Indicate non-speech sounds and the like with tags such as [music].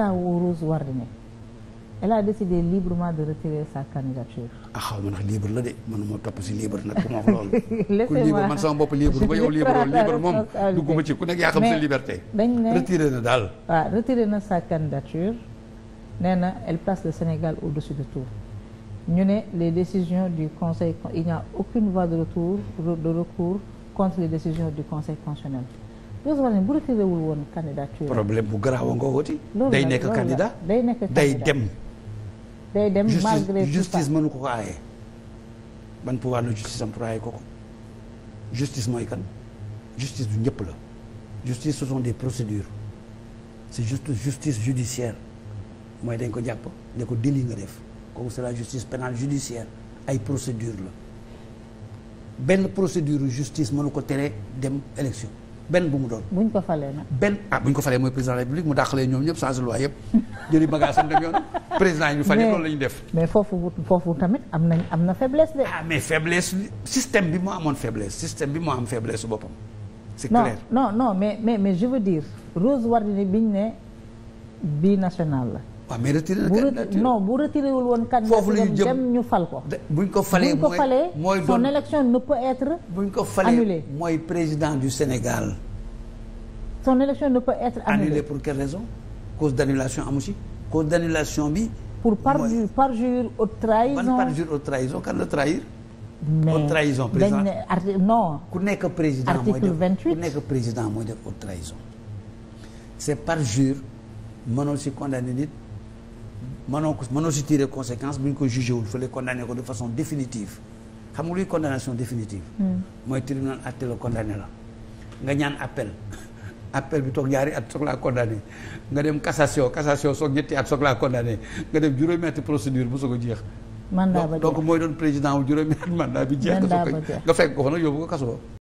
kawu décidé librement de retirer sa candidature. ah xaw ma ndax libre la de man ma topp si libre nag ku ma wax loolu. [laughs] ku [laughs] ku nekk yaa xam sa liberté. dañ ne na daal. waaw retiré na sa candidature nee na place le Sénégal au-dessus de tout ñu ne les décisions du conseil il n'y a aucune voie de retour de recours contre les décisions du conseil constitutionnel. Youssou Malem bu retiré wul woon candidature problème bu garaaw a wooti. day nekk candidat day nekk candidat day dem. day dem malgré tout justice mënu ko ko aaye. ban pouvoir la justice am pour aaye ko ko justice mooy kan justice du ñëpp la justice ce sont des procédures c'est juste justice judiciaire mooy dañ ko jàpp ne ko délit nga def kooku c'est la justice pénale judiciaire ay procédure la benn procédure justice mënu ko tere dem élection. benn bu mu doon. buñ ko falee nag. benn ah buñ ko falee mooy président de la république mu dàqalee ñoom ñëpp changé loi yëpp jëli bagage am dem yoon président yi ñu fal yëpp loolu la def. mais foofu foofu tamit am nañ am na faiblesse de. ah mais bi moo amoon faiblesse système bi moo am faiblesse su boppam. c'est clair non non mais mais mais je veux dire Rose Wardini bi ñu ne bi national la. waaw mais retiré na candidature non bu retiré wul woon candidature dem ñu fal ko. buñ ko falee mooy buñ ko falee son élection ne peut être annulée buñ ko falee mooy président du Sénégal. son élection ne peut être annulée. pour quelle raison cause d'annulation amu si cause d'annulation bi. pour parjure parjure haute trahison man parjure haute trahison kan la trahir. mais haute trahison président non. ku nekk président article vingt-huit ku nekk président mooy def haute trahison. c'est parjure mënoo si condamné nit mënoo ko mënoo si tirer conséquence bu ñu ko jugé wul fële condamné ko de façon définitive xam nga luy condamnation définitive. Hmm. mooy tribunal àtte la condamné appel bi toog ñaari at soog laa condamné nga dem cassation cassation soog ñetti at soog laa condamné nga dem juróomi ati procédure bu soog a jeex. mandat ba jeex donc mooy doon président wu juróomi at bi jeex. mandat ba jeex nga fekk ko fa nag yóbbu ko kaso